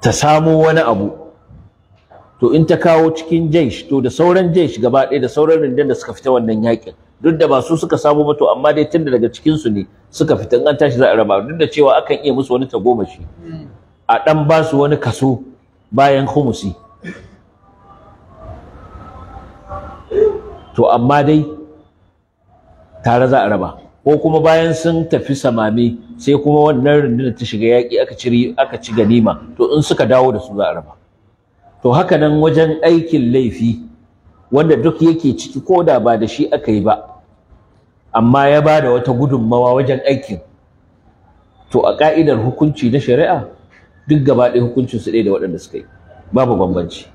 ta samo wani abu to in ta kawo cikin jaish to da sauran jaish gaba ɗaya da sauran rindin da suka fita wannan yakin duk da ba su suka samu ba to amma dai tunda daga cikin su ne suka fita in an tashi za a raba duk da cewa akan iya musu wani tagomashi a dan ba su wani kaso bayan humusi to amma dai tare za a raba ko kuma bayan sun tafi samami sai kuma wannan rundunar ta shiga yaƙi aka ci aka ci ganima to in suka dawo da su za a raba to haka nan wajen aikin laifi wanda duk yake ciki ko da ba da shi aka yi ba amma ya ba da wata gudunmawa wajen aikin to a ka'idar hukunci na shari'a duk gaba ɗaya hukuncin su ɗaya da waɗanda suka yi babu bambanci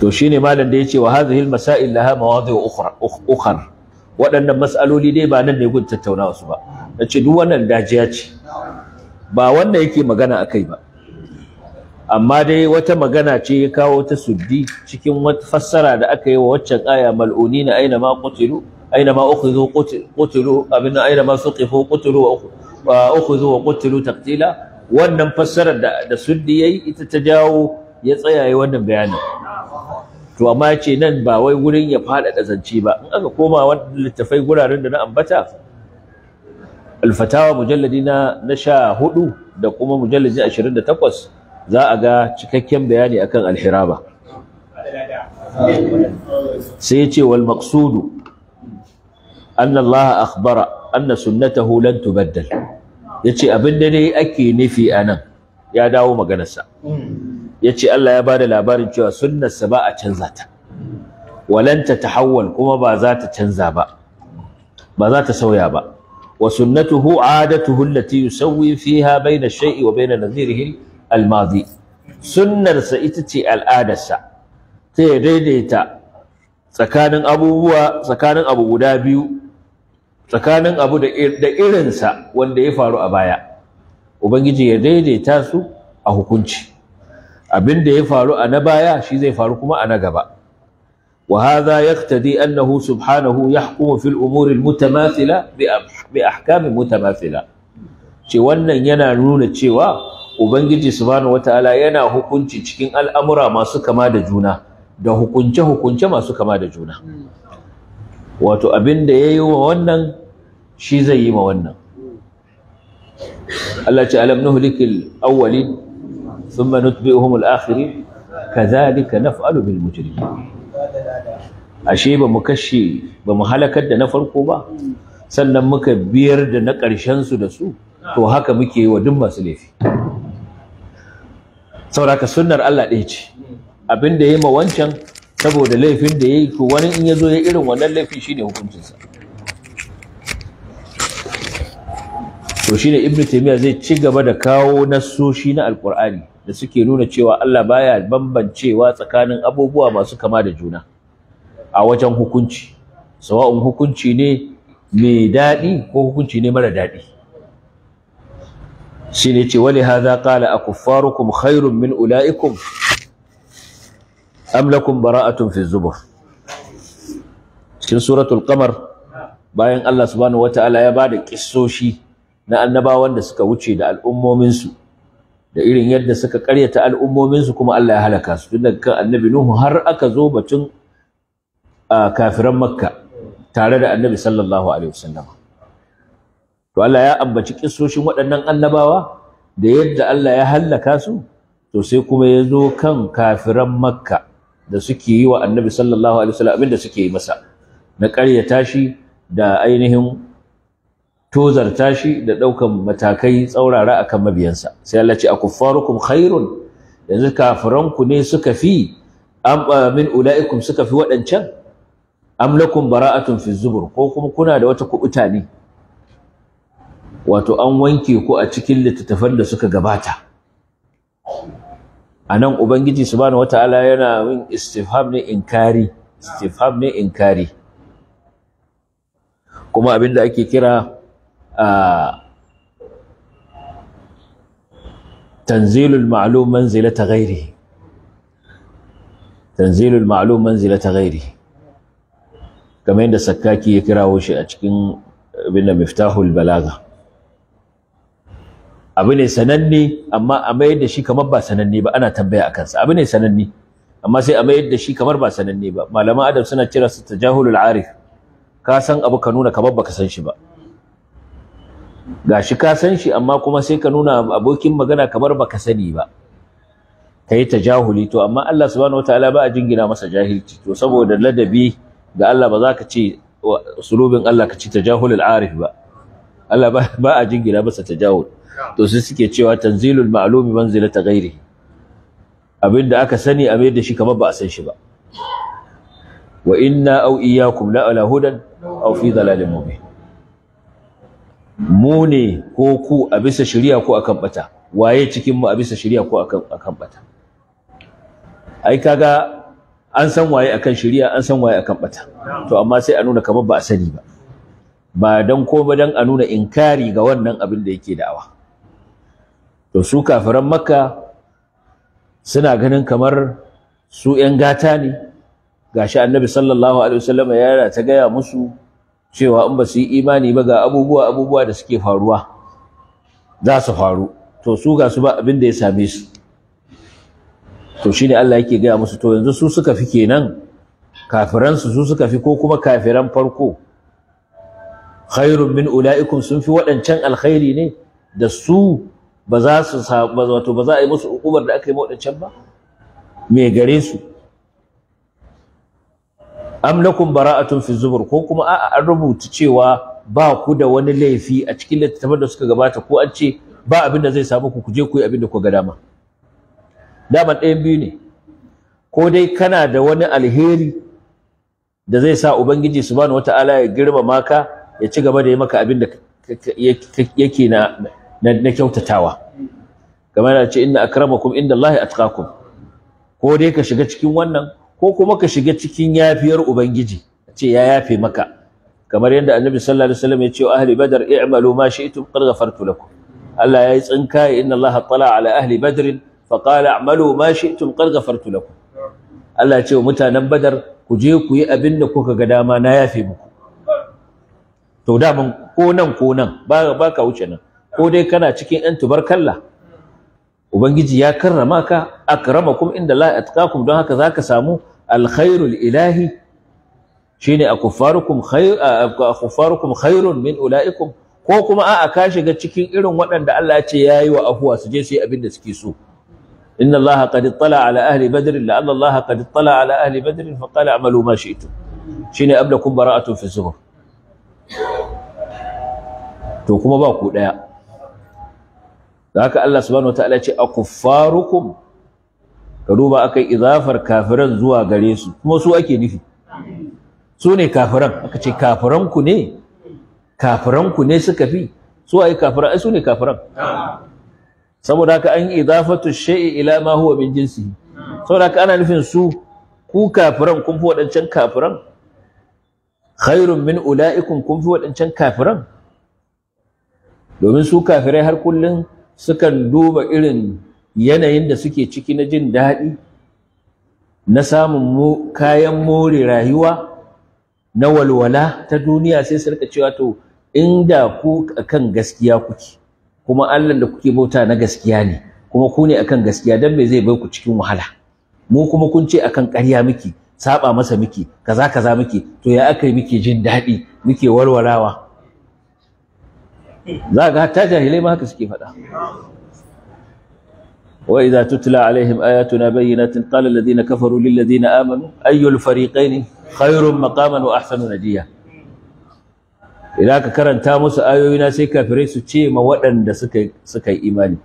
to shine malam da yace wa hadhihi al-masail laha mawadi' ukhra ukhra waɗannan mas'aloli dai ba nan ne gun tattaunawa su ba nace duk wannan dajiya ce ba wanda yake magana akai ba amma dai wata magana ce ya kawo ta suddi cikin wata fassara da aka yi wa waccan aya na aina ma qutilu aina ma ukhidhu qutilu abinna aina ma suqifu qutilu wa ukhidhu wa qutilu taqtila wannan fassarar da da suddi yayi ita ta jawo ya tsaya yi wannan bayanin to amma yace ce nan ba wai wurin ya faɗaɗa zance ba in aka koma wannan littafai guraren da na ambata alfatawa mujalladi na na sha hudu da kuma mujalladi ashirin da takwas za a ga cikakken bayani akan alhiraba sai ya ce wal maqsudu anna Allah akhbara anna sunnatahu lan tubaddal yace abin da ne ake nufi anan ya dawo maganarsa yace Allah ya bada labarin cewa sunnarsa ba a canza ta walan ta tahawwal kuma ba za ta canza ba ba za ta sauya ba wa sunnatuhu adatuhu allati yusawwi fiha bayna shay'i wa bayna nadhirihi al-madi sunnarsa ita ce al'adarsa ta daidaita tsakanin abubuwa tsakanin abu guda biyu tsakanin abu da irinsa wanda ya faru a baya ubangiji ya daidaita su a hukunci abin da ya faru a na baya shi zai faru kuma a na gaba wa hadha yaqtadi annahu subhanahu yahkumu fil umuri mutamathila bi ahkamin mutamathila ce wannan yana nuna cewa ubangiji subhanahu wataala yana hukunci cikin al'amura masu kama da juna da hukunce hukunce masu kama da juna wato abin da yayi wa wannan shi zai yi wa wannan Allah ce alam nuhlikil awwalin ثم نتبئهم الآخرين كذلك نفعل بالمجرمين ashe ba mu kashe ba mu halakar da na farko ba sannan muka biyar da na ƙarshen su da su to haka muke yi wa duk masu laifi sauraka sunnar Allah ɗaya ce abin da ya ma wancan saboda laifin da ya yi to wani in ya zo ya irin wannan laifin shine hukuncinsa to shine ibnu taymiya zai ci gaba da kawo nassoshi na alqur'ani da suke nuna cewa Allah baya bambancewa tsakanin abubuwa masu kama da juna a wajen hukunci sawa'un hukunci ne mai daɗi ko hukunci ne mara daɗi shi ne ce wali haza a akuffarukum khairun min ulaikum am bara'atun fi zubur cikin suratul kamar bayan Allah subhanahu wataala ya bada kissoshi na annabawan da suka wuce da al'ummominsu da irin yadda suka karyata al'ummominsu kuma Allah ya halaka su tun daga kan annabi Nuhu har aka zo batun kafiran Makka tare da annabi sallallahu alaihi wasallam to Allah ya ambaci kissoshin waɗannan annabawa da yadda Allah ya halaka su to sai kuma ya zo kan kafiran Makka da suke yi wa annabi sallallahu alaihi wasallam da suke yi masa na karyata shi da ainihin tozarta shi da ɗaukan matakai tsaurara akan mabiyansa sai Allah ce akuffarukum khairun yanzu kafiranku ne suka fi am min ulaikum suka fi waɗancan am lakum bara'atun fi zubur ko kuma kuna da wata kubuta ne wato an wanke ku a cikin littattafan da suka gabata anan ubangiji subhanahu wataala yana yin istifham ne inkari istifham ne inkari kuma abinda ake kira tanzilul ma'lum manzilata ghairihi tanzilul kamar yadda sakkaki ya kirawo shi a cikin abin da miftahul balaga abu ne sananne amma a mayar shi kamar ba sananne ba ana tambaya a kansa abu ne sananne amma sai a mayar shi kamar ba sananne ba malaman adam suna kira su tajahulul ka san abu ka nuna kamar baka san shi ba gashi ka san shi amma kuma sai ka nuna abokin magana kamar baka sani ba kai tajahuli to amma Allah subhanahu wataala ba a jingina masa jahilci to saboda ladabi ga Allah ba za ka ce sulubin Allah ka ce tajahulul arif ba Allah ba a jingina masa tajahul to suke cewa tanzilul ma'lumi manzilata ghairi abinda aka sani a mai da shi kamar ba a san shi ba wa inna au iyyakum la ala hudan aw fi dhalalin mubin mu ne ko ku a bisa shari'a ko akan bata waye cikin mu a bisa shari'a ko akan akan bata ai kaga an san waye akan shari'a an san waye akan bata to amma sai a nuna kamar ba a sani ba ba dan ko ba dan a nuna inkari ga wannan abin da yake da'awa to su kafiran makka suna ganin kamar su 'yan gata ne gashi annabi sallallahu alaihi wasallam ya ta gaya musu cewa in ba su yi imani ba ga abubuwa abubuwa da suke faruwa za su faru to su ga su ba abin da ya same su to ne Allah yake gaya musu to yanzu su suka fi kenan kafiransu su suka fi ko kuma kafiran farko khairun min ula'ikum sun fi waɗancan alkhairi ne da su ba za su wato ba za a yi musu hukumar da aka yi waɗancan ba me gare su amlakum bara'atun fi zubur ko kuma a'a an rubuta cewa ba ku da wani laifi a cikin littattafan da suka gabata ko an ce ba abin da zai samu ku kuje ku yi abin da ku ga dama dama ɗayan biyu ne ko dai kana da wani alheri da zai sa ubangiji subhanahu wataala ya girmama ka ya ci gaba da yi maka abin da yake na na kyautatawa kamar da ce inna akramakum inda Allah atqakum ko dai ka shiga cikin wannan ko kuma ka shiga cikin yafiyar ubangiji ce ya yafe maka kamar yadda annabi sallallahu alaihi wasallam ya ce wa ahli badar i'malu ma shi'tum qad ghafartu lakum Allah yayi tsinka inna Allah tala ala ahli badr fa qala a'malu ma shi'tum qad ghafartu lakum Allah ya ce wa mutanen badar ku je ku yi abin da kuka ga dama na yafe muku to da mun ko nan ko nan ba ba ka wuce nan ko dai kana cikin yan tubarkalla ubangiji ya karrama ka akramakum inda la atqakum don haka zaka samu alkhairul ilahi shine akuffarukum khair akuffarukum khairun min ulaikum ko kuma a ka shiga cikin irin waɗanda Allah ya ce yayi wa afuwa su je su yi abin da suke so إن الله قد اطلع على أهل بدر لأن الله قد اطلع على أهل بدر فقال اعملوا ما شئتم شين أبلكم براءة في الزهر to kuma ba ku ɗaya da haka Allah subhanahu wataala ce akuffarukum ka duba akai izafar kafiran zuwa gare su kuma su ake nufi su ne kafiran aka ce kafiran ku ne kafiran ku ne suka fi su ai kafiran ai su ne kafiran saboda haka an idafatu shay'i ila ma huwa min jinsihi saboda haka ana nufin su ku kafiran kun fi wadancan kafiran khairun min ula'ikum kun fi wadancan kafiran domin su kafirai har kullum sukan duba irin yanayin da suke ciki na jin daɗi na samun kayan more rayuwa na walwala ta duniya sai su rika cewa to inda ku akan gaskiya kuke kuma Allah da kuke bauta na gaskiya ne kuma ku ne akan gaskiya dan me zai bai ku cikin wahala mu kuma kun ce akan ƙarya miki saba masa miki kaza kaza miki to ya akayi muke miki jin daɗi muke warwarawa za ga hatta jahilai ma haka suke faɗa wa idza tutla alaihim ayatuna bayyinatin qala alladhina kafaru lil ladina amanu ayyul fariqayn khayrun maqaman wa ahsanu najiya idan ka karanta musu ayoyi na sai kafirai su ce ma waɗanda suka yi imani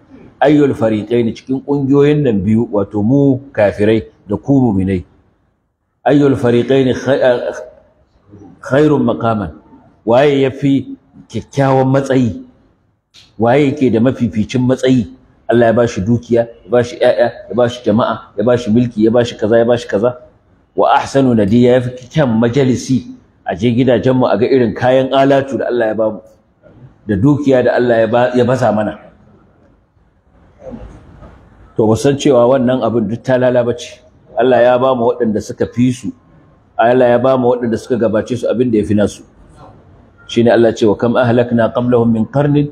ayyul fariqayn cikin ƙungiyoyin nan biyu wato mu kafirai da ku mu'minai ayyul fariqayn khayrun maqaman waye yafi kyakkyawan matsayi waye yake da mafificin matsayi Allah ya bashi dukiya ya bashi ƴaƴa ya bashi jama'a ya bashi mulki ya bashi kaza ya bashi kaza wa ahsanu nadiya ya fi kyan majalisi a je gidajen mu a ga irin kayan alatu da Allah ya bamu da dukiya da Allah ya baza mana to ba san cewa wannan abin duk ta lalaba ce Allah ya bamu waɗanda suka fi su Allah ya bamu waɗanda suka gabace su abin da ya fi nasu ne Allah ce wa kam ahlakna qablahum min qarnin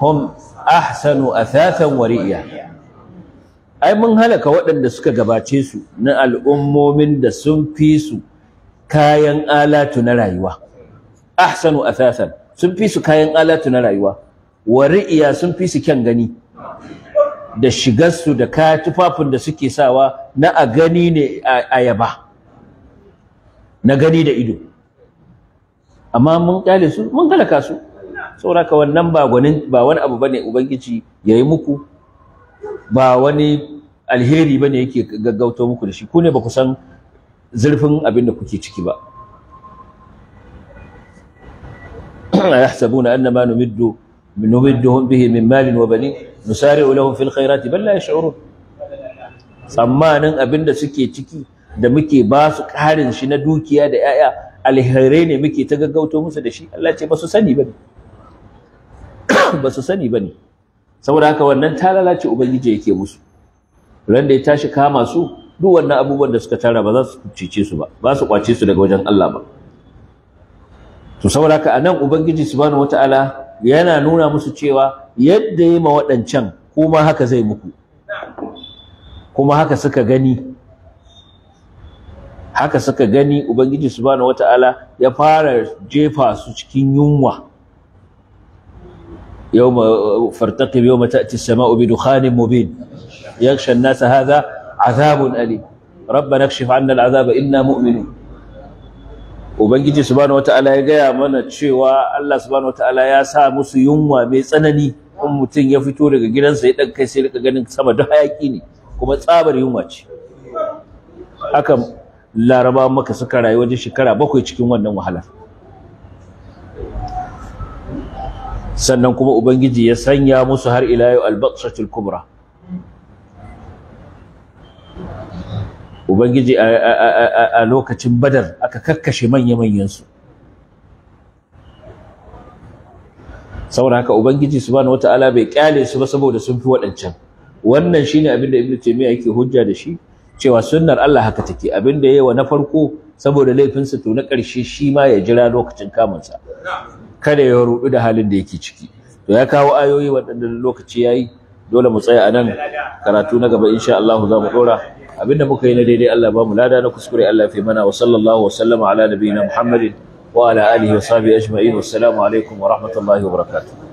hum ahsanu athathan wa ri'ya ai mun halaka waɗanda suka gabace su na al'ummomin da sun fi su kayan alatu na rayuwa ahsanu athathan sun fi su kayan alatu na rayuwa wa sun fi su kyan gani da shigarsu da ka tufafin da suke sawa na a gani ne a yaba na gani da ido amma mun kyale su mun halaka su saboda wannan ba gwanin ba wani abu bane ubangiji yayi muku ba wani alheri bane yake gaggauto muku da shi ku ne ba ku san zurfin abin da kuke ciki ba yahsabuna annama numiddu numidduhum bihi min malin wa banin nusari'u lahum fil khairati bal la yash'urun tsammanin abin da suke ciki da muke ba su karin shi na dukiya da 'ya'ya alherai ne muke ta gaggauto musu da shi Allah ce ba su sani bane ba su sani bane saboda haka wannan ta lalace ubangiji yake musu ran da ya tashi kama su duk wannan abubuwan da suka tara ba za su cice su ba ba su kwace su daga wajen Allah ba to saboda haka anan ubangiji subhanahu wataala yana nuna musu cewa yadda ya ma waɗancan kuma haka zai muku kuma haka suka gani haka suka gani ubangiji subhanahu wata'ala ya fara jefa su cikin yunwa يوم فارتقب يوم تأتي السماء بدخان مبين يغشى الناس هذا عذاب أليم ربنا اكشف عنا العذاب إنا مؤمنون Ubangiji subhanahu wata'ala ya gaya mana cewa Allah subhanahu wata'ala ya sa musu yunwa mai tsanani in mutum ya fito daga gidansa ya dan kai sai rika ganin sama da hayaki ne kuma tsabar yunwa ce haka laraba maka suka rayu wajen shekara bakwai cikin wannan wahalar sannan kuma ubangiji ya sanya musu har ila yau albatsatul kubra ubangiji a lokacin badar aka kakkashe manya-manyansu saboda haka ubangiji wata ala bai kyale su ba saboda sun fi waɗancan wannan shine abinda da ibnu taymiya yake hujja da shi cewa sunnar Allah haka take abin da yawa na farko saboda laifinsa to na ƙarshe shi ma ya jira lokacin kamunsa kada ya rubu da halin da yake ciki to ya kawo ayoyi waɗanda lokaci yayi dole mu tsaya anan karatu na gaba insha Allah za mu da muka yi na daidai Allah ba mu lada na kuskure Allah fi mana wa sallallahu wa sallama ala nabiyina Muhammadin wa ala alihi wa sahbihi ajma'in wassalamu alaikum wa rahmatullahi wa barakatuh